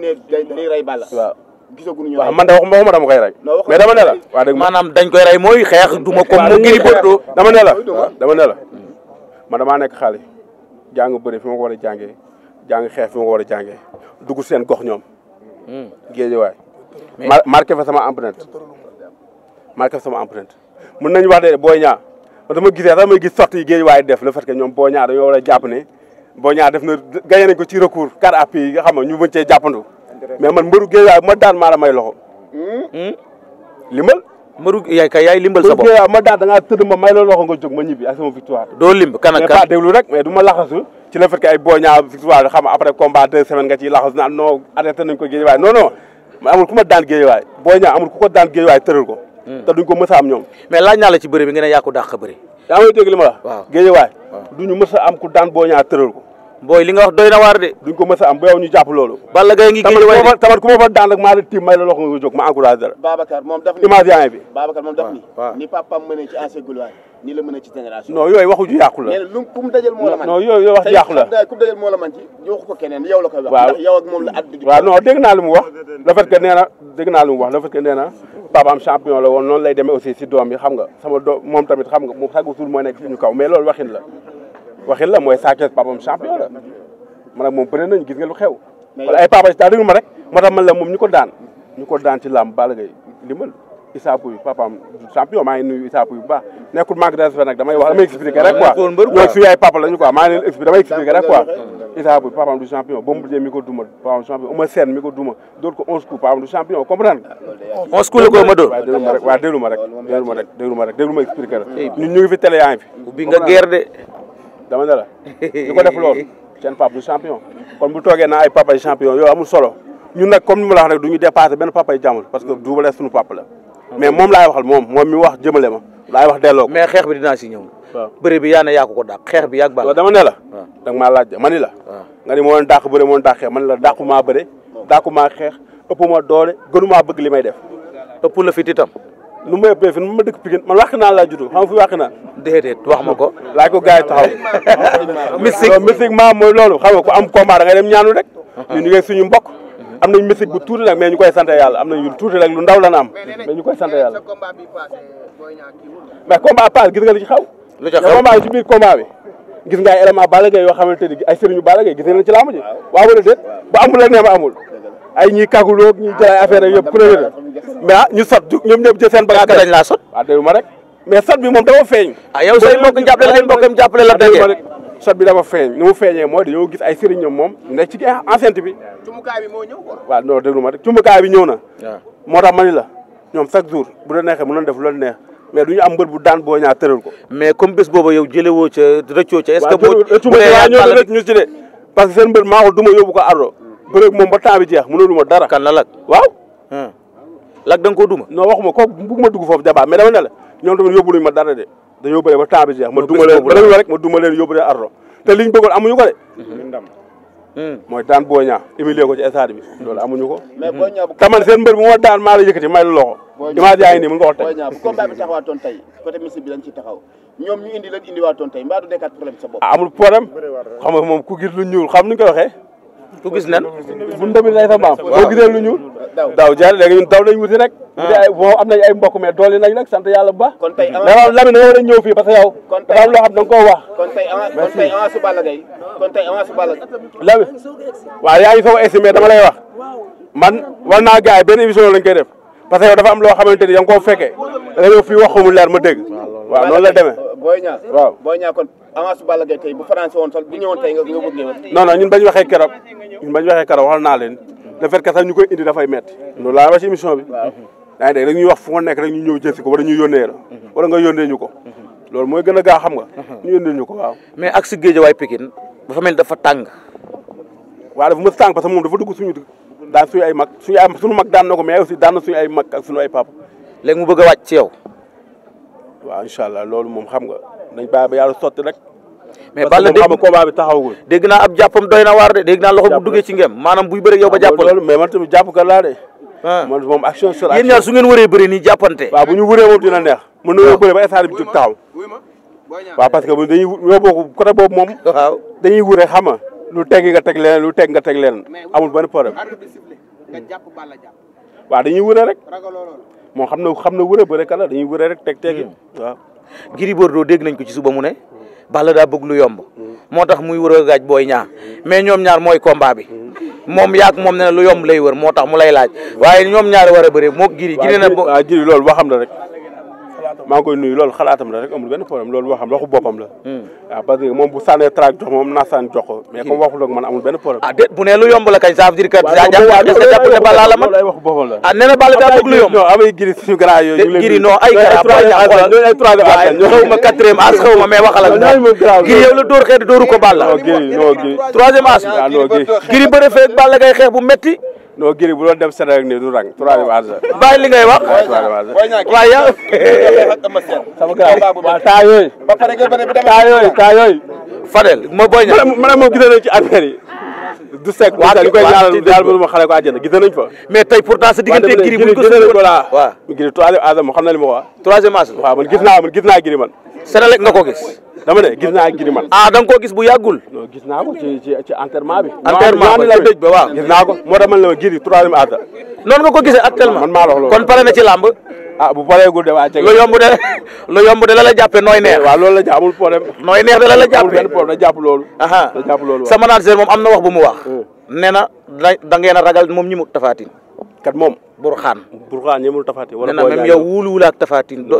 ne dañuy rey Balla. waaw gisaguñu ñu. waaw man de waxuma dama koy rey. mais dama ne waa waaw dëgg maanaam dañ koy rey mooy xeex duma ko mu giri bëddoo. dama ne la dama ne la maa damaa nekk xale jàng bëri fi ma ko war a jàngee jàng xeex fi ma war a jàngee dugg seen gox ñoom. Hmm. géej waay. marqué fa sama empreinte marqué fa sama empreinte mën nañu wax de booy ñaa man dama gisee sax géej waay def le fait que ñoom booy ñaa dañoo war a jàpp ne boo ñaar def na gaye nañ ko ci recours car appui yi nga xam ne ñu mën cee jàppandu mais man mbëru géejaay ma daan maa la may loxo hmm? hmm? limal mbëru yaay kay yaay limbal sa bopp mbëru géejaay ma daan da ngaa tëdd ma may la loxo nga jóg ma ñibbi sama victoire doo limb kan ak kan mais pas ma laxasu ci le boo ñaar xam après combat deux semaines nga ciy laxasu naan non arrêté nañ ko géejawaay non non amul ku ma daan géejawaay boo ñaar amul ku ko daan géejawaay tëral ko hmm. te ko mës a am ñoom mais laa naa la ci bëri bi nga ne yaa ko dàq bëri yaa ngi dégg li ma la waaw géejewaay duñu a am ku daan boo ñaa tëral ko booy li nga wax doy na waar de duñ ko mës a am booyaw ñu jàpp loolu Balla Gaye ngi géejewaay de tamat ku ma fa daan nag maa la tiim may la loxo nga ma encourage dara Babacar moom daf ni image yaa ngi moom daf ni ni mënee ci ancien Goulouwaye nii la mën a ci génération. non yooyu waxu ju na lu ku mu dajal moo la man non yooyu na dégg noonu lay demee aussi si doom bi xam nga sama doom moom tamit xam nga moom sagu suul mooy nekk suñu kaw mais loolu waxin la waxin la mooy Sa Thiès papaam champion la man ak moom bëri nañu gis nga lu xew. ay papa si taa dégg ma rek moo tax man la moom ñu ko daan ñu ko daan ci làmb Balla limal Issa Pouye papaam champion maa ngi nuyu Issa Pouye bu baax nekkul manque de respect nag damay wax damay expliquer rek quoi ñoo suñu ay papa lañu quoi maa ngi leen expliquer damay expliquer rek quoi Issa Pouye papaam du champion Bombardier mi ko duma papaam du champion Eumeu Sène mi ko duma dóor ko onze coups papaam du champion comprendre onze coups la ko ma dóor waaw déglu ma rek waaw déglu ma rek déglu ma rek déglu ma rek déglu ma expliquer rek ñun ñu ngi fi télé yaa ngi fi bi nga guerre de dama ne la ñu ko def loolu seen papa du champion kon bu toogee naa ay papa champion yow amul solo ñun nag comme ni ma la wax rek du ñu dépasser benn papa yi jàmbur parce que Double Less suñu papa la mais moom laay waxal moom moom mi wax jëmale ma laay wax delloo mais xeex bi dinaa si ñëw waaw bëre bi yaa ne yaa ko ko xeex bi yàgg baax dama ne la danga maa laaj ma la nga ni moo dàq bëre moo dàq xeex ma ni la dàqu maa bëre dàqu maa xeex ëpp ma doole gënu bëgg li may def ëpp la fit itam nu may ëppee fi nu ma dëkk Pikine man wax naa laa judd xam fi wax naa déedéet wax ma ko laaj ko gars yi taxaw mystique mystique maa mooy loolu xam nga ku am combat da ngay dem uh-huh. mbokk am nañ mystique bu tuuti nag mais ñu koy sant yàlla am nañ lu tuuti rek lu ndaw la ñu koy sant yàlla mais combat pass gis nga li ci xaw lu ca ci biir combat gis nga ay élément Balla yoo xamante ni ay sëriñu Balla gis nga leen ci laamu ji waaw wala déet bu amul rek nee ma amul ay ñi kaguloo ñi jël ay affaire yëpp ku ne wér mais ah ñu sot ñoom ñëpp jël seen bagage dañ laa sot waaw ah, ma rek mais sot bi moom dafa feeñ ah yow mbokk jàppale say mbokk jàppale ah, sot bi dafa feeñ ni mu feeñee mooy dañoo gis ay sëriñam moom nekk ci enceinte bi. cumukaay bi moo ñëw quoi. waaw non déglu ma bi ñëw na. moo tax ma ni la ñoom chaque jour bu la neexee mënoon def loolu neex mais du ñu am mbër bu daan boo ñaa tëral ko. comme bés booba yow jëlewoo ca rëccoo ca. est que boo bu dee ko duma moom ba temps bi jeex mënoo duma dara. kan la lag waaw. Hmm. lag da nga koo duma. non waxuma kooku bëgguma dugg foofu jabaar mais la ñoom tamit yóbbu ma dara de dañoo bëre ba taa bi jeex ma duma leen beneen rek ma duma leen yóbbu leen ko de ndam hmm. mooy daan boo ñaa humilier ko ci stade bi taman seen mbër bu ma daan maa la yëkkati may la loxo image yaa ngi nii mën nga wax tey bu combat bi taxawaatoon tey côté misib bi lañ indi leen indiwaatoon tey mbaa du nekkaat problème sa ah, lu ñuul xam ni ñu koy waxee ku gis nan bu ndamit lay sa maam lu ñuul daaw jeex na léegi ñun daw nañ wuti rek. Ah. bon am nañ ay mbokk mais doole nañ nag sant yàlla bu baax. kon tey avance mais Lamine da nga war a ñëw fii parce que yow. kon tey dafa am loo xam da nga koo wax. kon tey avance kon tey avance su Balla Gaye lay wax man naa gars yi benn émission lañ parce que yow dafa am loo xamante ni yaa ngi fekkee da wax ko leer ma dégg. waaw noonu la demee booy ñaa waaw booy ñaa kon avance Balla Gaye bu français woon sol bu ñëwoon tey nga non non ñun bañ waxee keroog ñun bañ waxee keroog waxal naa leen le fait que ñu ko indi dafay metti loolu laa wax ci émission bi daa ngi rek ñuy wax fu nga nekk rek ñu ñëw jël si ko wala ñu yónnee la mhm. wala nga yónnee ñu ko mhm. loolu mooy gën a gaa xam nga mhm. ñu yónnee ñu ko waaw mais ak si Guédiawaye Pikine dafa mel dafa tàng waaw dafa mës tàng parce que moom dafa dugg suñu daan suñu ay mag suñu ay suñu mag daan na ko mais aussi daan na ay mag ak suñu ay papa léegi mu bëgg a wàcc ci yow waaw incha allah loolu moom xam nga nañ bàyyi ba yàlla sotti rek mais Balla dégg combat bi taxawul dégg naa ab jàppam doy na waar de dégg naa loxo bu duggee ci ngem buy bëri yow ba ah, jàpp loolu mais man tamit jàpp ka laa de ah. man moom action sur action yéen ñaar su waree bëri nii jàppante waaw bu ñu wëree moom dina neex mën na yoo bëri ba état bi jóg taxaw waaw parce que dañuy yoo bokk côté boobu moom xam nga lu teg nga teg leneen lu teg nga teg leneen amul benn problème waaw dañuy wure rek moom xam na xam na wure bëri ka la dañuy wure rek teg tegi hmm. waaw Gris Bordeaux dégg ko ci suba mu ne Balla daa bëgg lu yomb mm. moo tax muy wër a gaaj booy ñaar mm. mais ñoom ñaar mooy combat bi mm. moom yaak moom ne na lu yomb lay wër moo tax mu lay laaj waaye ñoom ñaar war a bëri moo giri gi ne na waaw jiri loolu boo xam ne rek maa ngi koy nuyu loolu xalaatam la rek amul benn problème loolu waxam waxu boppam la waaw hmm. ah, parce que moom ah, kañ ça veut dire que jàpp ne ah, giri suñu grand yooyu giri non ay xaw la dóor as giri bëre fee Balla ngay xeex bu metti non Gris bu doon dem seen rek rang troisième âge bàyyi li ngay wax. waaye yow. sama gars waaw taa yooyu. taa yooyu taa yooyu. Fadel ma booy ña. ma ne moom gis ci affaire du sec waaw li koy ñaanal daal mënuma xale ko àjjana gis nañ fa. mais tey pourtant diggante Gris bu ñu ko suñu voilà waaw Gris troisième âge moom xam na li ma wax. troisième âge waaw man gis naa man gis naa Gris man. nga ko gis. dama ne gis naa Girima. man ah, da nga koo gis bu yàggul. non gis naa ko ci bi. enterrement ba la dëj ba waa gis naa ko moo tax man la ma giri troisième at. ko gisee actuellement man maa kon pare na ci làmb. ah bu pareegul de waa yomb de lu yomb de la la jàppee nooy neex. Eh, waaw loolu la amul problème. nooy neex de la la jàppee amul benn loolu. sama manager moom am na wax bu mu wax. Hmm. nee na da ngeen a ragal moom ñi mu tafaatin kat moom burxaan burxaan ñemul tafaatin wala booy même yow wuulu wula ak tafaatin do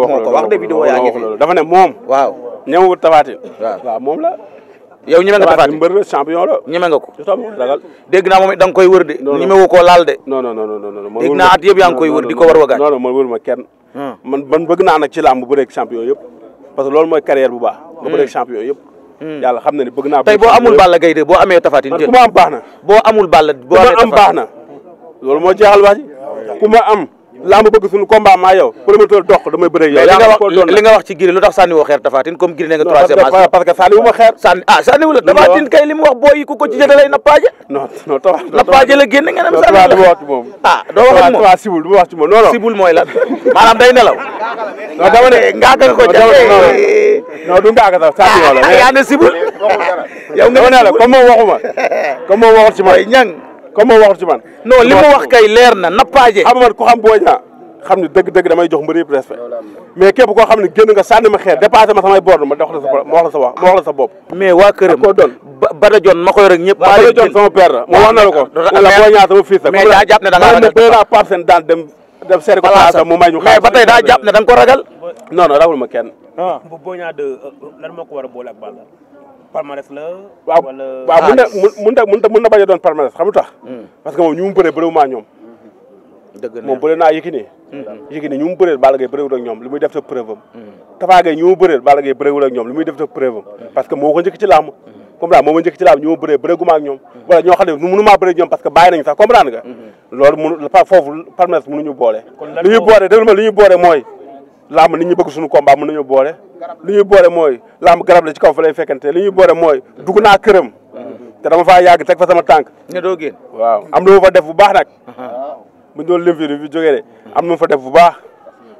ko wax de vidéo yaa dafa ne moom waaw ñemewul tafaatin waaw waaw la yow ñeme nga tafaatin mbër la champion la ñeme nga ko ragal moom it koy wër de ñemewu koo laal de non at yëpp yaa ngi koy wër di ko war wagaaj man wër ma kenn hmm. man bëgg naa nag ci bu rek champion yëpp parce que loolu mooy carrière bu baax ba bu rek champion yëpp hmm. yàlla xam na ne bëgg naa. boo amul Balla Gaye boo am baax na. boo amul Balla boo amee Tapha Tine ku ma am baax loolu moo jeexal waa ji ku ma am laa ma bëgg suñu combat maa yow promoteur dox damay bëre yow li nga wax ci Gris lu tax sànni woo xeer Tafatine comme Gris ne nga troisième manche parce que sànni ma xeer sànni ah sànni wu la wax booy ku ko ci jëlee nappaaje non non Tafa nappaaje la génne nga dem sànni la dama wax ci moom ah doo wax ak ma wax ci moom a sibul mooy lan maanaam day nelaw non dama ko jàppee non du ngaaga sax sànni wala ah, ah, yaa sibul yow nga ne la comme moom waxuma comme moom waxul ci comme moom waxul ci man. non li wax kay leer na nappaaje. xam man ku xam Boy Niang xam ni dëgg-dëgg damay jox mbër yëpp respect mais képp koo xam ne génn nga sànni ma xeer dépassé ma samay borne ma wax la sa ma wax na la ko ah, la Boy Niang sama fils la. mais daa da ngaa ragal ma ko xaar mu may ñu. ma kenn. ah Boy Niang de moo ko war a boole ak palmarès la. waaw waaw mun na mun na mun na bañ doon xam lu tax. Hmm. parce que moom ñu mu bëree bëriwul maa ñoom. dëgg la moom bëri naa Yékini. Hmm. Yékini ñu mu bëreel Balla Gaye bëriwul ak hmm. parce que moo ko njëkk ci làmb. comprendre moo ma njëkk ci laam ñu ma bëree bëree guma ak wala ñoo xam ne mënu maa bëree parce que bàyyi nañu sax comprendre nga loolu foofu palmarès mënuñu boole li ñuy boole déglu ma li ñuy boole làmb nit ñi bëgg suñu combat mën nañu boole li ñuy boole mooy làmb garab la ci kaw fa lay fekkente li ñuy boole mooy dugg naa këram te dama faa yàgg teg fa sama tànk ne doo waaw am lu ma fa def bu baax nag buñ doon lim fi jógee de am lu ma fa def bu baax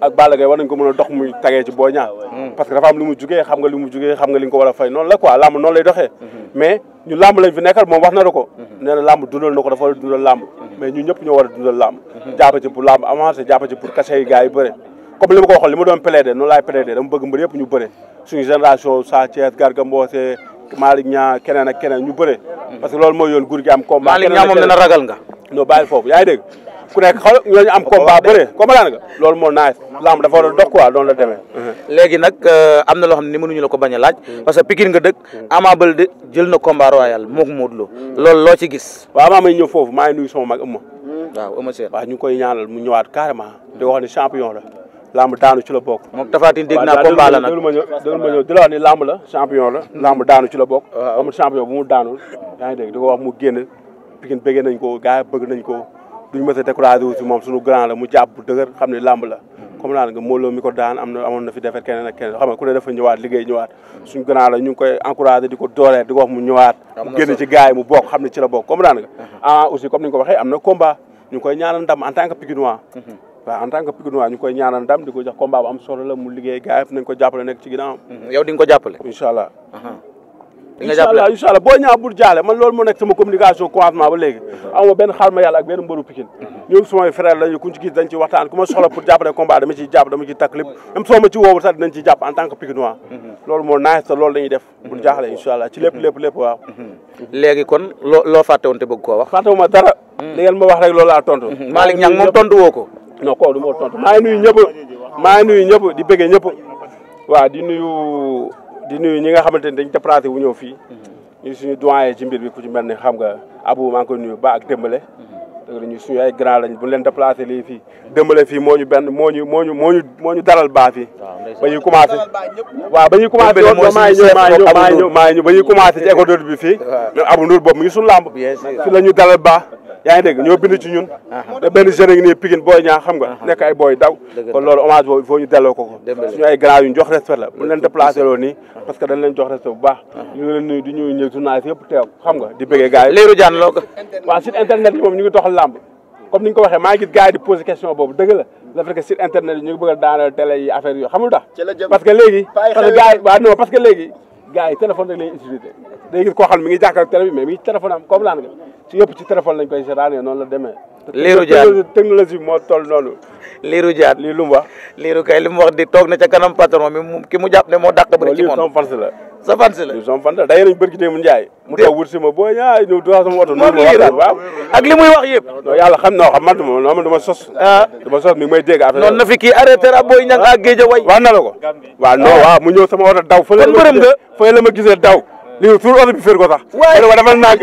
ak Balla Gaye war nañ ko mën a dox mm. mu jugee xam nga li mu jugee xam nga ko a fay noonu la quoi làmb noonu lay doxee mm-hmm. mais ñu làmb lañ fi nekkal moom wax na la ko mm-hmm. nee na làmb dundal na dafa war dundal làmb mm-hmm. mais ñu ñëpp ñoo war a dundal làmb jàpp ci pour làmb avancé jàpp ci pour cachet yi gars yi bëre comme li ma ko waxoon li ma doon plaider noonu laay plaider dama bëgg mbër yëpp ñu bëre suñu génération Sa Thiès Garga Mbossé Malick Niang keneen ak keneen ñu bëre parce que loolu mooy yoon gur gi am combat Malick Niang moom nga non bàyyi yaa ngi dégg ku nekk xool ñooñu am combat bëre comprendre nga loolu moo naaj lamb dafa war a dox quoi doonu la demee léegi nag euh, am na loo xam ne ni mënuñu la ko bañ a laaj parce que Pikine nga dëkk Ama Baldé jël na combat royal mook Modou Lo loolu loo ci gis waaw maa may ñëw foofu maa ngi nuyu sama mag ëmma waaw ñu ngi koy ñaanal mu ñëwaat carrément di wax ne champion la lamb daanu ci la bokk moom tafaatin dégg naa combat la nag déglu ma ñëw la wax ni lamb la champion la lamb daanu ci la bokk amul champion bu mu daanul ngi dégg di ko wax mu génn Pikine bëgg ko gars bëgg nañ ko duñ mës a découragé wu si grand la mu jàpp bu dëgër xam ne làmb la comme naan nga Modou mi ko daan am na fi defet keneen ak keneen xam nga dafa ñu koy encouragé di ko dooleel di ko wax mu ñëwaat mu génn ci gars mu bokk xam ne ci la bokk comme naan nga uh-huh. ah aussi comme ni nga ko waxee am na combat ñu ngi koy ñaanal ndam en tant que Pikinois uh-huh. waaw en tant que Pikinois ñu koy ñaanal ndam di ko jox combat am solo la mu liggéey gars yi ko jàppale nekk ci ginnaawam uh-huh. yow di ko jàppale incha allah incha allah boo ñaa bul jaale man loolu moo nekk sama communication croisement ba léegi mm-hmm. am ma benn xaar ma yàlla ak benn mbëru Pikine mm-hmm. ñoom sumay frère lañu kuñ ci gis dañ ci waxtaan ku ma soxla pour jàppale combat dama ciy jàpp dama takk lépp mm-hmm. même soo ci woowul sax dinañ ci jàpp en tant que Pikinois loolu moo naaj te loolu dañuy def bul jaaxle incha ci lépp lépp lépp waaw léegi kon loo loo fàtte woon te bëgg koo wax fàttewuma dara ma wax rek loolu moom tontu woo ko non koo du moo tontu maa ngi nuyu ñëpp di nuyu ñi nga xamante ni dañ déplacé wu ñëw fii ñu suñu doyen ci mbir bi ku ci mel ni xam nga Abou maa ngi koy nuyu ba ak démbale dëgg ñu suñu ay grand lañ bu len déplacé lii fii dembale fii moo ñu benn moo ñu moo ñu moo moo ñu dalal baa fii ba ñuy commencé waaw ba ñuy commencé maa ngi ñëw maa ngi ñëw maa ngi ba ñu commencé ci école bi fii même Abou Ndour boobu mu ngi suñu làmb fi la ñu dalal baa yaa ngi dégg ñoo bind ci ñun da benn jeune nii Pikine booy ñaa xam nga nekk ay booy daw kon loolu hommage boobu il delloo ko ko suñu ay grand yu jox respect la bu leen déplacé loolu nii parce que dañ leen jox respect bu baax xam nga di a daanal télé yi affaire yoo xamul parce que léegi parce que gars yi waaw parce que léegi gars yi téléphone rek lañuy xam mi ngi mi ngi téléphone am laan nga ci yëpp ci téléphone lañ koy seetaanee noonu la demee. liiru jaar technologie moo toll noonu. liiru jaar lii lu mu wax. liiru kay li mu di toog na ca kanam patron bi mu ki mu jàpp moo dàq bëri ci mu Ndiaye. mu toog wut si ma boo ñaa ñëw du sama oto. moom lii waaw ak li muy wax yëpp. non ah. na fi kii arrêté ra booy ña ngaa géej a way. waaw na la ko waaw non ah. mu ñëw sama oto daw. kon bërëm nga fële la ma gisee daw lii tuur oto bi féer ko sax. waaye dafa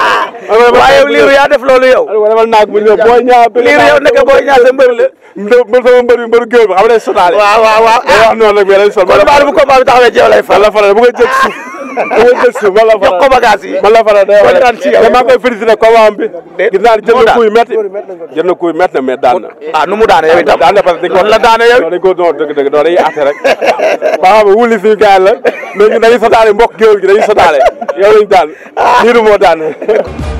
waaye yow liiru yaa def loolu yow wala naag bu ñëw booy ñaa liiru yow naka booy ñaa sa mbër la mbër sama mbër bi mbëru géew bi xam ne sotaale waaw waaw waaw wax noonu rek bi lay sol bu combat bi taxawee jeew lay fal la fal bu ko jëg suuf jox ko bagage yi ma ko waam bi gis na kuy métti jël na kuy métti na mais daan na eh, ah daan na rek ba xam ne wuli suñu gaay la mais ñu dañuy sotaale mbokk gi dañuy sotaale yow lañ daan ah. lii du moo daan